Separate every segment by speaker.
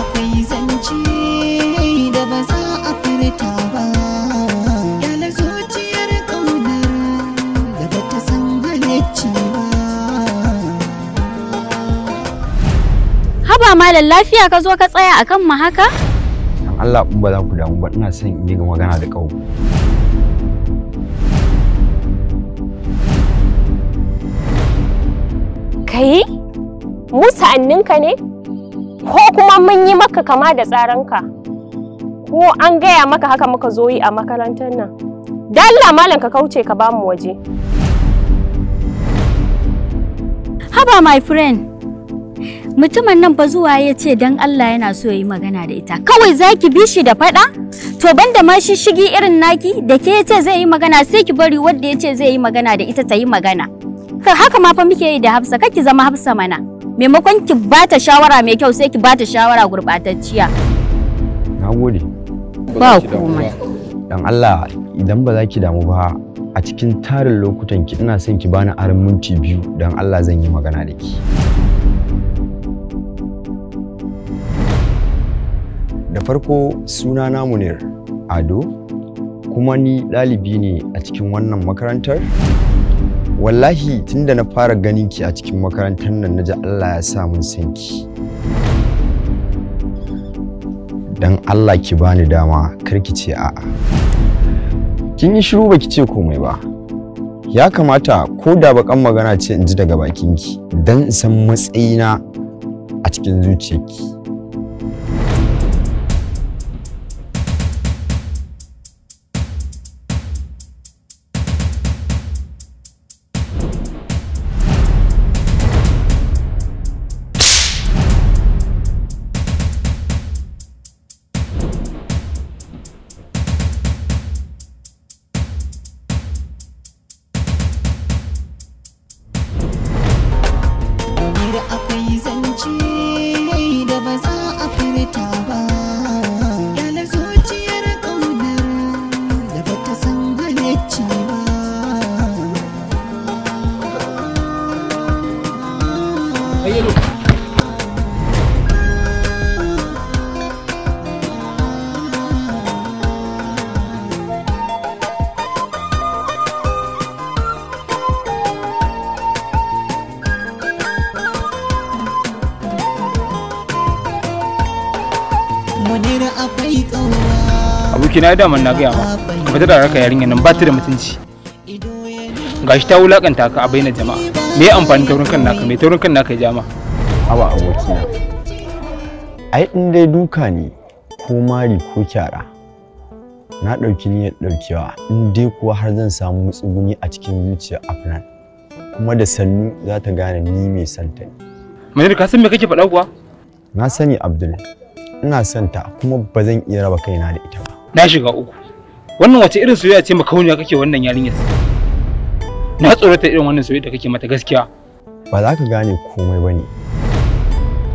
Speaker 1: akwai zance da ba za a furta ba Yalar zuciyar ƙaunar da ba ta san halicci ba
Speaker 2: Haba malam lafiya ka zo ka tsaya akan mu haka?
Speaker 3: Allah in ba za ku damu ba ina son in magana da ƙau.
Speaker 2: Kai? mu sa'anninka ne ko kuma mun yi maka kama da tsaranka ko an gaya maka haka muka zo yi a makarantar nan dalla malam ka kauce ka ba mu waje haba my friend mutumin nan ba zuwa ya ce don Allah yana so ya yi magana da ita kawai zaki bi shi da faɗa to banda ma shi shigi irin naki da ke ce zai yi magana sai ki bari wadda ya ce zai yi magana da ita ta yi magana haka ma fa muke yi da hafsa kake zama hafsa mana maimakon ki ba ta shawara mai kyau sai ki ba ta shawara gurɓatacciya
Speaker 3: na gode ba komai dan Allah idan ba za ki damu ba a cikin tarin lokutan ki ina son ki bani arin minti biyu dan Allah zan yi magana da ki da farko suna na munir ado kuma ni ɗalibi ne a cikin wannan makarantar wallahi tunda na fara ganin ki a cikin makarantar nan naji Allah ya sa mun san ki dan Allah ki bani dama kar ki ce a'a kin yi shiru baki ce komai ba ya kamata ko da bakan magana ce in ji daga bakin ki dan in san matsayina a cikin zuciyarki
Speaker 4: abokina ya daman na gaya ma ka fita da raka yarinya nan ba ta da mutunci gashi ta wulakanta ka a bainar jama'a me amfani taurin kan naka me taurin kan naka ya jama
Speaker 3: awa abokina ai in dai duka ne ko mari ko kyara na ɗauki niyyar daukewa in dai kuwa har zan samu tsuguni a cikin zuciyar afnan kuma da sannu za ta gane ni mai santa ne
Speaker 4: manir ka san me kake faɗa kuwa
Speaker 3: na sani abdul ina santa kuma ba zan iya raba kaina da ita ba
Speaker 4: na shiga uku wannan wace irin soyayya ce makauniya kake wannan yarinyar na tsorata irin wannan soyayya da kake mata gaskiya
Speaker 3: ba za ka gane komai ba ne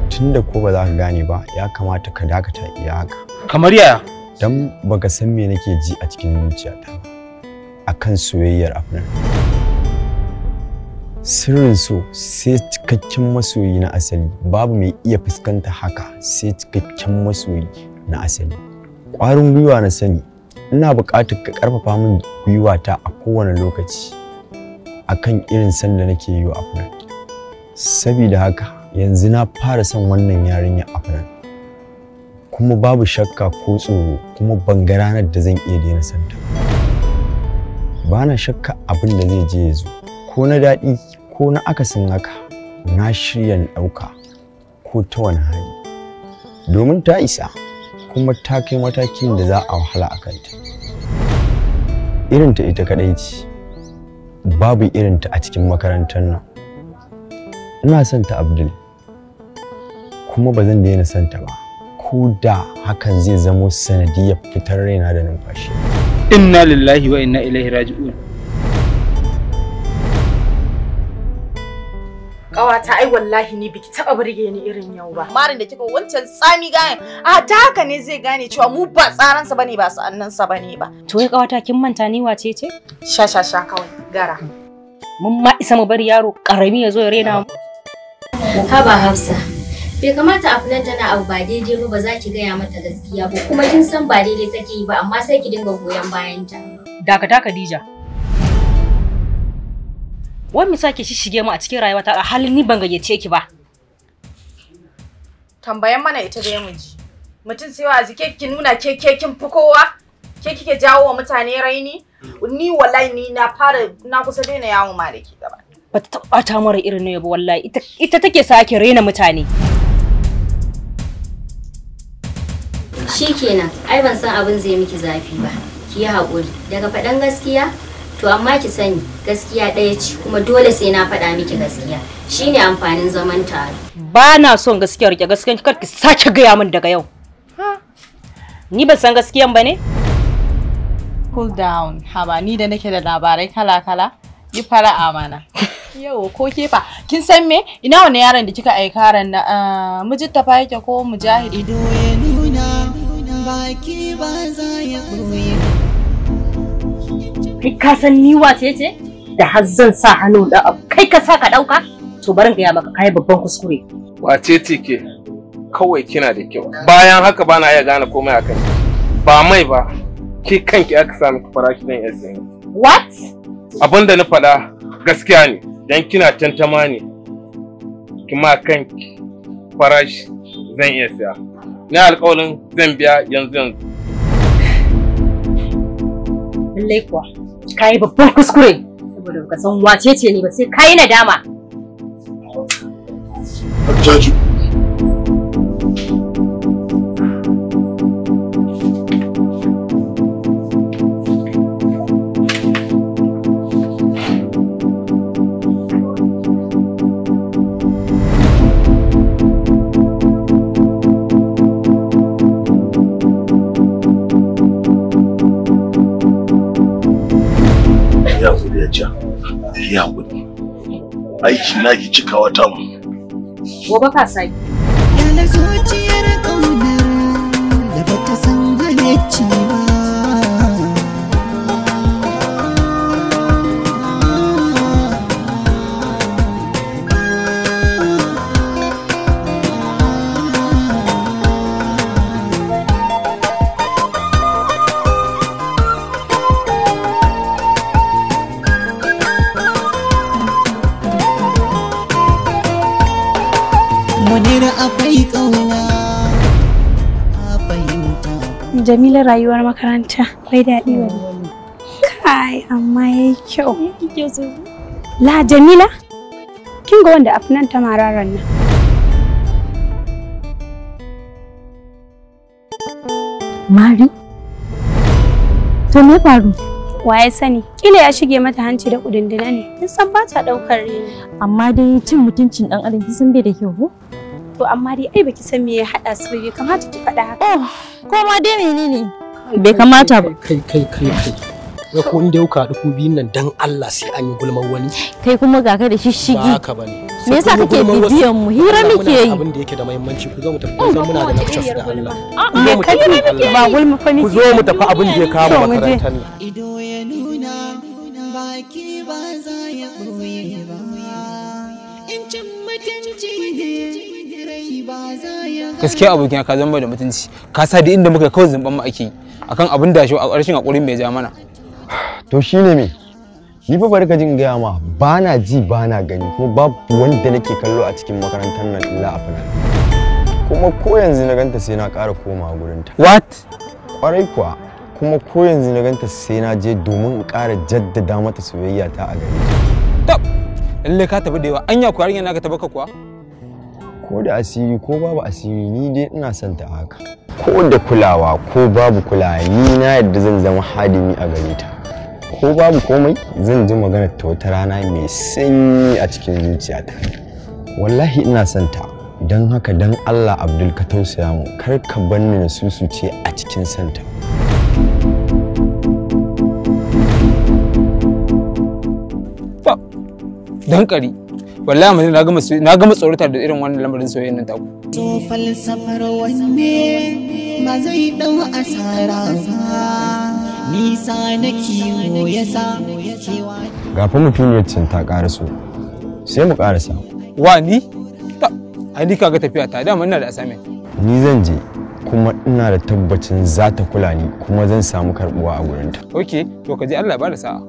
Speaker 3: tunda ko ba za ka gane ba ya kamata ka dakata iya haka kamar yaya dan baka san me nake ji a cikin zuciyata akan soyayyar afnan sirrin so sai cikakken masoyi na asali babu mai iya fuskanta haka sai cikakken masoyi na asali ƙwarin gwiwa na sani ina buƙatar ka ƙarfafa min gwiwata a kowane lokaci akan irin san da nake yi wa Afnan. Sabida haka yanzu na fara son wannan yarinya Afnan. Kuma babu shakka ko tsoro kuma ban ga ranar da zan iya daina santa. Ba na shakka abin da zai je ya zo. Ko na daɗi ko na akasin haka na shirya na ɗauka ko ta wani hali. Domin ta isa kuma ta kai matakin da za a wahala a kanta. Irinta ita kaɗai ce. babu irinta a cikin makarantar nan ina son ta abdul kuma ba zan daina son ta ba ko da hakan zai zamo
Speaker 4: sanadiyar fitar raina da numfashi inna lillahi wa inna ilaihi raji'un
Speaker 2: Ƙawata ai wallahi ni biki taɓa burge ni irin yau ba. Marin da kika wancan tsami gayan a ta haka ne zai gane cewa mu ba tsaransa bane ba sa'annansa bane ba. To wai ƙawata kin manta ni wace ce? Sha sha sha kawai gara. Mun ma isa mu bar yaro ƙarami ya zo ya rena mu. Haba Hafsa. Bai kamata a filan tana abu ba daidai ba ba za ki gaya mata gaskiya ba kuma kin san ba daidai take yi ba amma sai ki dinga goyon bayanta. Dakata Khadija. wai mu sake shi shige mu a cikin rayuwa ta halin ni ban gayyace ki ba tambayan mana ita da mu ji mutum sai wa zike ki nuna ke ke kin fi kowa ke kike jawo wa mutane raini ni wallahi ni na fara na kusa daina yawo ma da ke gaba ba ta taba ta mara irin ne ba wallahi ita ita take sake raina mutane shikenan ai ban san abin zai miki zafi ba ki yi haƙuri daga faɗan gaskiya to amma ki sani gaskiya ɗaya ce kuma dole sai na faɗa miki gaskiya shine amfanin zaman tare ba na son gaskiya rike gaskiya kar ki sake gaya min daga yau ni ban san gaskiyan ba ne cool down haba ni da nake da labarai kala kala yi fara'a mana yau ko ke fa kin san me ina wani yaron da kika aika ran na ah, mujitta fa yake ko mujahidi ido ya
Speaker 1: nuna baki ba za ya ɓoye
Speaker 2: Kai ka san ni wace ce? Da har zan sa hannu da abu. Kai ka sa ka ɗauka? To barin gaya maka kai babban kuskure.
Speaker 4: Wace ce ke? Kawai kina da kyau. Bayan haka bana iya gane komai a kai. Ba mai ba. Ki kanki aka sa miki farashi dan yasa. What? abinda da na faɗa gaskiya ne. Dan kina tantama ne. Kima kanki farashi zan iya saya. Ni alƙawarin zan biya yanzu yanzu.
Speaker 2: Lekwa. kuwa. Ka yi babban kuskure saboda ka san wace ce ni ba sai ka yi nadama. Judge.
Speaker 3: aiki na ki cika wata mu
Speaker 2: gobe
Speaker 1: ka sai yana zuciyar kaunar da bata san gane ba Jamila rayuwar makaranta bai daɗi ba ne. Kai amma ya yi
Speaker 2: kyau. La Jamila? Kin ga wanda afinan ta mararan nan. Mari? To me faru? Waye sani, kila ya shige mata hanci da kudindina ne, kin san ba ta ɗaukar rini. Amma dai cin mutuncin ɗan adam sun bai da kyau ko? To amma dai ai baki san me ya hada su bai kamata ki faɗa haka. Oh, ko ma dai menene?
Speaker 3: Bai kamata ba. Kai kai kai kai. ya ko inda yau ka haɗu ku biyun nan dan Allah sai an yi gulmar wani.
Speaker 2: Kai kuma ga ka da shishigi. Ba haka bane. Me yasa kake bibiyan mu? Hira muke yi. Abin
Speaker 3: da yake da muhimmanci ku zo mu tafi kun san muna da lectures da Allah. Me muke ba gulma
Speaker 4: fa muke. Ku zo mu tafi abin da ya kawo makarantar nan. Ido ya
Speaker 1: nuna baki ba za ya buye ba. In cin mutunci ne
Speaker 4: gaskiya abokin ka zama da mutunci ka sa da inda muka kawai zumban mu ake akan abin da shi a ƙarshen hakuri mai ja mana
Speaker 3: to shine me ni fa bari jin gaya ma ba na ji ba na gani kuma babu wanda nake kallo a cikin makarantar nan illa a kuma ko yanzu na ganta sai na ƙara komawa gurinta what kwarai kuwa kuma ko yanzu na ganta sai na je domin in ƙara jaddada mata soyayya ta
Speaker 4: a gari tab lalle ka tafi da yawa anya ku yarinya naka tabaka kuwa
Speaker 3: ko da asiri ko babu asiri ni dai ina son ta haka ko da kulawa ko babu kulawa ni na yadda zan zama hadimi a gare ta ko babu komai zan ji maganar ta wata rana mai sanyi a cikin zuciyata wallahi ina son ta don haka don allah abdul ka tausaya mu kar ka banni na ce a cikin santa
Speaker 4: dan kari wallahi mun na gama na gama tsorata da irin wannan lamarin soyayyen nan taku
Speaker 1: to falsafar wanne ba zai dau asara ba nisa na kiwo yasa cewa
Speaker 3: fa mutuniyar cin ta karaso sai mu karasa
Speaker 4: wa ni ai ni kaga tafiya ta dama ina da assignment
Speaker 3: ni zan je kuma ina da tabbacin za ta kula ni kuma zan samu karbuwa a gurinta.
Speaker 4: Ok, to ka je Allah ba da sa'a.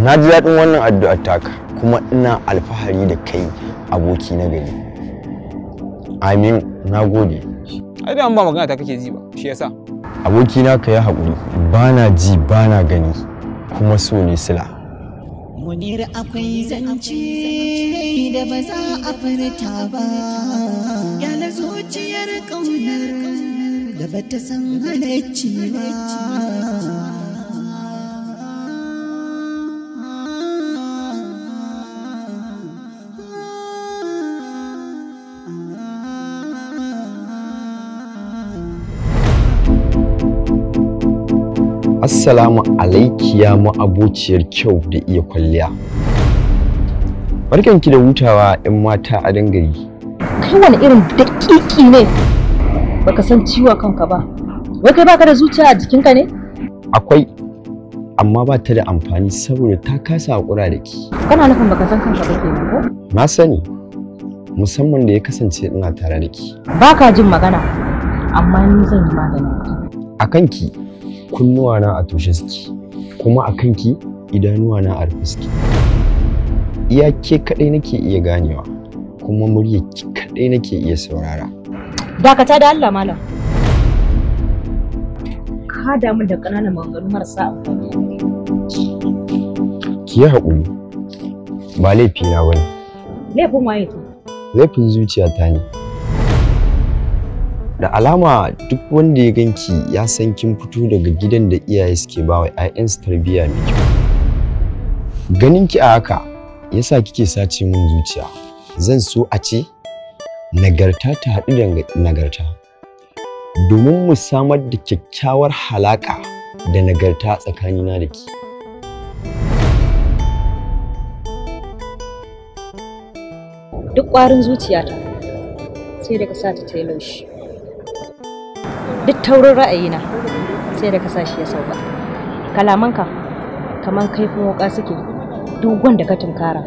Speaker 3: Na ji daɗin wannan addu'ar taka. kuma ina alfahari da kai aboki na gari amin na gode
Speaker 4: ai da ba magana ta kake ji ba shi yasa
Speaker 3: aboki na ka yi haƙuri bana ji bana gani kuma so ne sila
Speaker 1: munir akwai zance da ba za a furta ba yana zuciyar ƙaunar da ba ta san halacci ba
Speaker 3: Assalamu alaikiya ma'abuciyar kyau da iya kwalliya. Barkanki da hutawa 'yan mata a dangari.
Speaker 2: Kai wani irin daƙiƙi ne baka san ciwo kanka ba. Wai kai baka da zuciya a jikinka ne?
Speaker 3: Akwai amma ba ta da amfani saboda ta kasa haƙura da ki.
Speaker 2: Kana nufin baka san kanka ba kenan ko?
Speaker 3: Na sani musamman da ya kasance ina tare da ki.
Speaker 2: Baka jin magana amma ni zan yi maganin ka.
Speaker 3: A kanki kunnuwana na a tushe suke kuma a kanki idanuwana na a rufe suke iya ke kadai nake iya ganewa kuma murya ki kadai nake iya saurara
Speaker 2: dakata da Allah malam ka damu da ƙananan maganganu marasa amfani
Speaker 3: ki yi haƙuri ba laifi na wani.
Speaker 2: laifin waye to
Speaker 3: laifin zuciyata ne da alama duk wanda ya ganki ya san kin fito daga gidan da iyaye suke ba wa 'ya'yansu tarbiyya mai kyau ganin ki a haka yasa kike sace min zuciya zan so a ce nagarta ta haɗu da nagarta domin mu samar da kyakkyawar halaƙa da nagarta tsakanina da ki
Speaker 2: duk ƙwarin zuciyata sai daga sa ta yi laushi duk taurin ra'ayina sai da ka sa shi ya sauka kalamanka kaman kaifin wuka suke duk wanda ka tunkara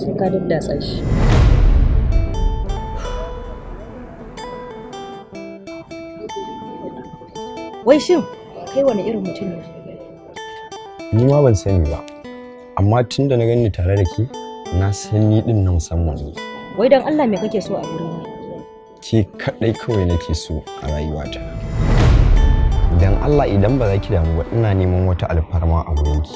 Speaker 2: sai ka daddatsa shi wai shin kai wani irin mutum ne
Speaker 3: ni ma ban sani ba amma tun da na gani tare da ki na san din na musamman ne
Speaker 2: wai dan Allah me kake so a gurina
Speaker 3: ke kaɗai kawai nake so a rayuwata idan allah idan ba za ki damu ina neman wata alfarma a wurinki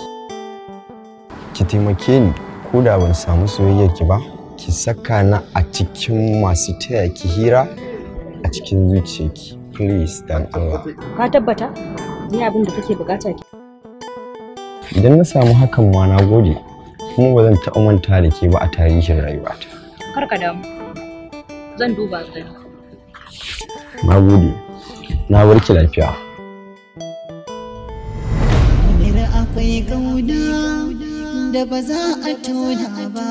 Speaker 3: ki taimake ni ko da ban samu soyayyar ki ba ki saka na a cikin masu taya ki hira a cikin zuciyarki please don allah
Speaker 2: ka tabbata ni abin da kake bukata ki
Speaker 3: idan na samu hakan ma na gode kuma ba zan taɓa manta da ke ba a tarihin rayuwata
Speaker 2: kar ka damu
Speaker 1: zan duba ka
Speaker 3: na gode na warke lafiya
Speaker 1: akwai kauda da ba za a tona ba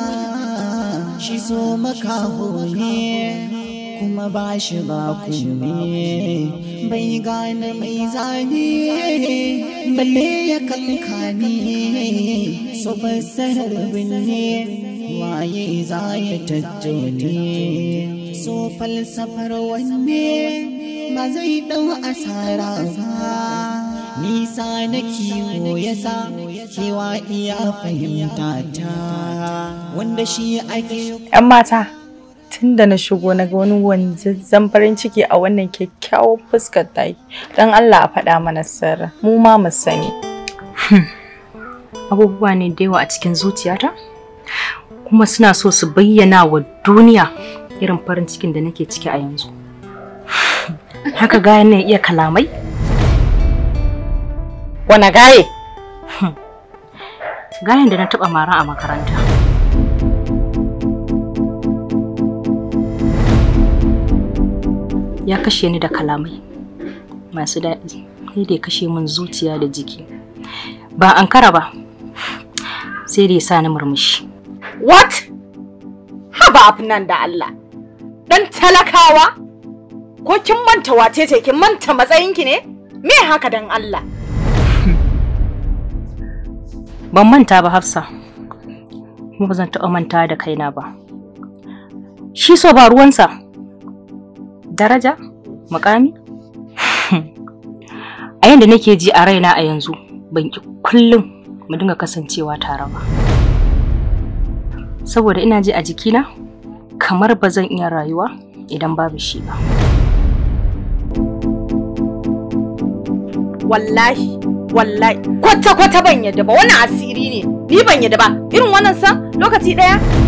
Speaker 1: shi so makaho ne kuma ba shi ba kume bai gane mai zane balle ya kankane so sarar binne waye za ya tattone so falsafar wanne ba zai dau asara ba nisa na kiwo ya sa cewa iya fahimta ta wanda shi ake yan mata
Speaker 2: tun da na shigo na ga wani wanzazzan farin ciki a wannan kyakkyawan fuskar ta yi don Allah a faɗa mana sarra mu ma mu sani hmm. abubuwa ne da yawa a cikin zuciyata kuma suna so su bayyana wa duniya irin farin cikin da nake ciki a yanzu haka gaya ne iya kalamai wane gaye gayen da na taɓa mara a makaranta ya kashe ni da kalamai masu daɗi sai da ya kashe min zuciya da jiki ba ankara ba sai da ya sa ni murmushi what haba abin nan da Allah dan talakawa ko kin manta wace ce kin manta matsayinki ne me haka dan Allah ban manta ba Hafsa kuma ba zan taɓa manta da kaina ba shi so ba ruwansa daraja makami a yadda nake ji a raina a yanzu ban ki kullum mu dinga kasancewa tare ba saboda ina ji a jikina kamar ba zan iya rayuwa idan babu shi ba. Wallahi, wallahi, kwata-kwata ban yadda ba, wannan asiri ne, ni ban yadda ba, irin wannan san lokaci ɗaya.